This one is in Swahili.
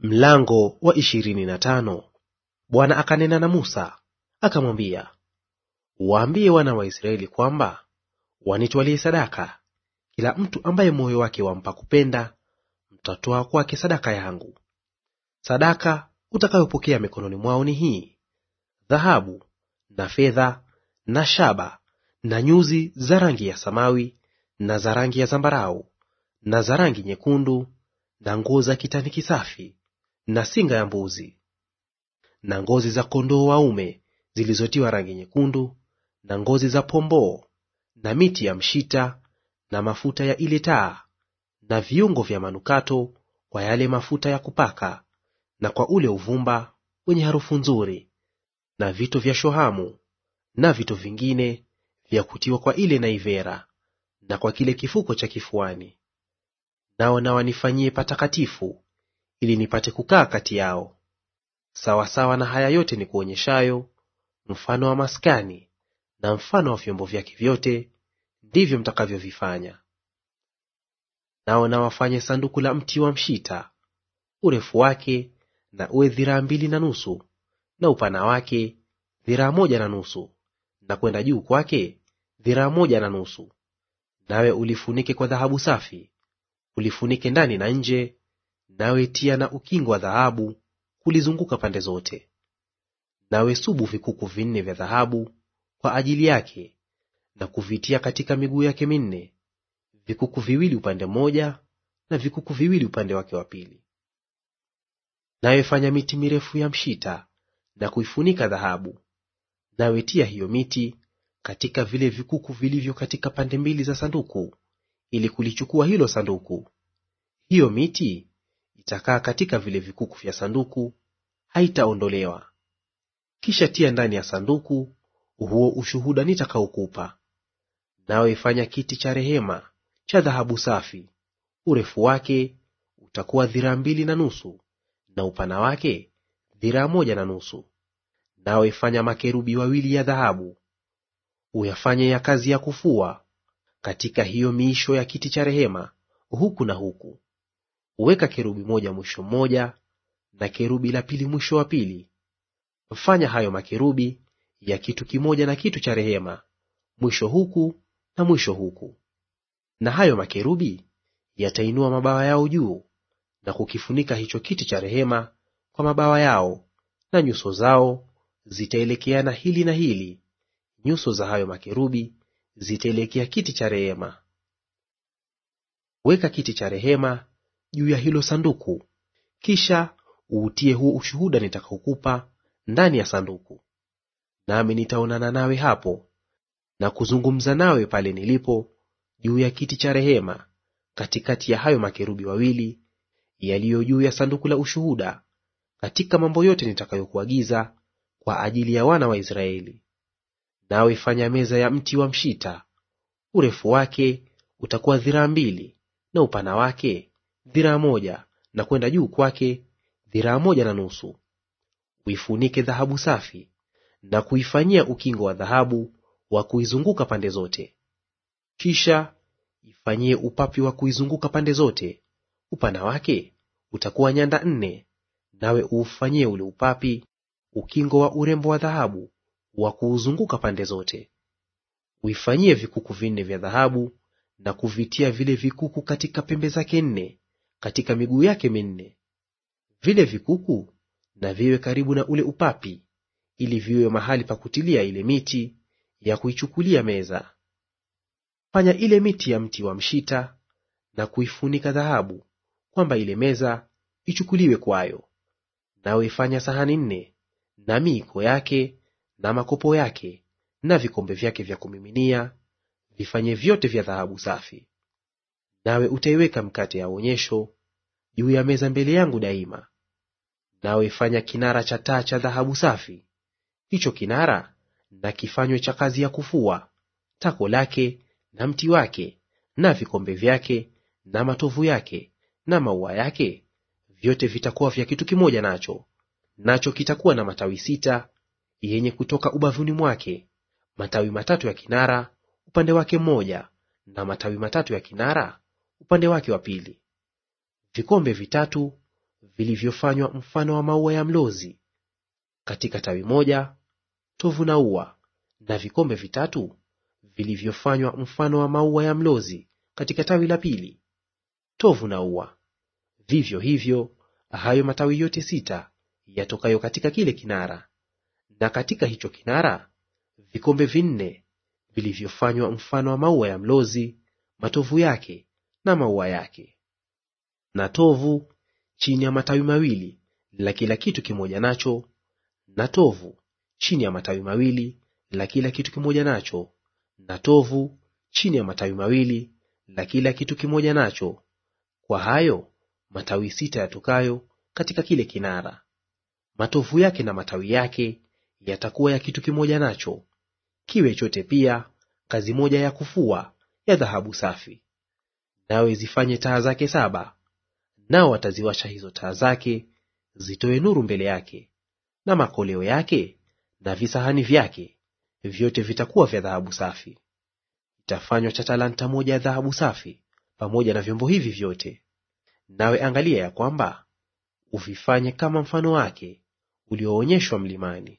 Mlango wa ishirini na tano. Bwana akanena na Musa akamwambia, waambie wana wa Israeli kwamba wanitwalie sadaka. Kila mtu ambaye moyo wake wampa kupenda, mtatoa kwake sadaka yangu. Sadaka utakayopokea mikononi mwao ni hii: dhahabu na fedha na shaba na nyuzi za rangi ya samawi na za rangi ya zambarau na za rangi nyekundu na nguo za kitani kisafi na singa ya mbuzi na ngozi za kondoo waume zilizotiwa rangi nyekundu na ngozi za pomboo na miti ya mshita na mafuta ya ile taa na viungo vya manukato kwa yale mafuta ya kupaka na kwa ule uvumba wenye harufu nzuri na vito vya shohamu na vito vingine vya kutiwa kwa ile naivera na kwa kile kifuko cha kifuani. Nao na wanifanyie patakatifu ili nipate kukaa kati yao. Sawasawa na haya yote ni kuonyeshayo mfano wa maskani na mfano wa vyombo vyake vyote, ndivyo mtakavyovifanya. Nao na wafanye sanduku la mti wa mshita, urefu wake na uwe dhiraa mbili na nusu, na upana wake dhiraa moja na nusu, na kwenda juu kwake dhiraa moja na nusu. Nawe ulifunike kwa dhahabu safi, ulifunike ndani na nje nawe tia na ukingo wa dhahabu kulizunguka pande zote. Nawe subu vikuku vinne vya dhahabu kwa ajili yake, na kuvitia katika miguu yake minne, vikuku viwili upande mmoja na vikuku viwili upande wake wa pili. Nawe fanya miti mirefu ya mshita na kuifunika dhahabu, nawe tia hiyo miti katika vile vikuku vilivyo katika pande mbili za sanduku, ili kulichukua hilo sanduku. Hiyo miti itakaa katika vile vikuku vya sanduku, haitaondolewa. Kisha tia ndani ya sanduku huo ushuhuda nitakaokupa, nawe fanya kiti cha rehema cha dhahabu safi. Urefu wake utakuwa dhiraa mbili na nusu na upana wake dhiraa moja na nusu. Nawe fanya makerubi wawili ya dhahabu, uyafanye ya kazi ya kufua katika hiyo miisho ya kiti cha rehema huku na huku. Weka kerubi moja mwisho mmoja na kerubi la pili mwisho wa pili. Fanya hayo makerubi ya kitu kimoja na kitu cha rehema, mwisho huku na mwisho huku. Na hayo makerubi yatainua mabawa yao juu na kukifunika hicho kiti cha rehema kwa mabawa yao, na nyuso zao zitaelekeana hili na hili; nyuso za hayo makerubi zitaelekea kiti cha rehema. Weka kiti cha rehema juu ya hilo sanduku, kisha uutie huo ushuhuda nitakaokupa ndani ya sanduku. Nami nitaonana nawe hapo na kuzungumza nawe pale nilipo juu ya kiti cha rehema, katikati ya hayo makerubi wawili yaliyo juu ya sanduku la ushuhuda, katika mambo yote nitakayokuagiza kwa ajili ya wana wa Israeli. Nawe fanya meza ya mti wa mshita, urefu wake utakuwa dhiraa mbili na upana wake dhiraa moja na kwenda juu kwake dhiraa moja na nusu. Uifunike dhahabu safi na kuifanyia ukingo wa dhahabu wa kuizunguka pande zote. Kisha ifanyie upapi wa kuizunguka pande zote, upana wake utakuwa nyanda nne, nawe uufanyie ule upapi ukingo wa urembo wa dhahabu wa kuuzunguka pande zote. Uifanyie vikuku vinne vya dhahabu na kuvitia vile vikuku katika pembe zake nne katika miguu yake minne. Vile vikuku na viwe karibu na ule upapi, ili viwe mahali pa kutilia ile miti ya kuichukulia meza. Fanya ile miti ya mti wa mshita na kuifunika dhahabu, kwamba ile meza ichukuliwe kwayo. Nawe ifanya sahani nne na miiko yake na makopo yake na vikombe vyake vya kumiminia, vifanye vyote vya dhahabu safi nawe utaiweka mkate ya onyesho juu ya meza mbele yangu daima. Nawe fanya kinara cha taa cha dhahabu safi. Hicho kinara na kifanywe cha kazi ya kufua, tako lake na mti wake na vikombe vyake na matovu yake na maua yake, vyote vitakuwa vya kitu kimoja nacho. Nacho kitakuwa na matawi sita yenye kutoka ubavuni mwake, matawi matatu ya kinara upande wake mmoja, na matawi matatu ya kinara upande wake wa pili vikombe vitatu vilivyofanywa mfano wa maua ya mlozi, katika tawi moja tovu na ua, na vikombe vitatu vilivyofanywa mfano wa maua ya mlozi katika tawi la pili tovu na ua. Vivyo hivyo hayo matawi yote sita yatokayo katika kile kinara, na katika hicho kinara vikombe vinne vilivyofanywa mfano wa maua ya mlozi, matovu yake na maua yake, na tovu chini ya matawi mawili la kila kitu kimoja nacho, na tovu chini ya matawi mawili la kila kitu kimoja nacho, na tovu chini ya matawi mawili la kila kitu kimoja nacho, kwa hayo matawi sita yatokayo katika kile kinara. Matovu yake na matawi yake yatakuwa ya kitu kimoja nacho, kiwe chote pia kazi moja ya kufua ya dhahabu safi nawe zifanye taa zake saba. Nao wataziwasha hizo taa zake, zitoe nuru mbele yake. Na makoleo yake na visahani vyake vyote vitakuwa vya dhahabu safi. Itafanywa cha talanta moja ya dhahabu safi pamoja na vyombo hivi vyote. Nawe angalia ya kwamba uvifanye kama mfano wake ulioonyeshwa mlimani.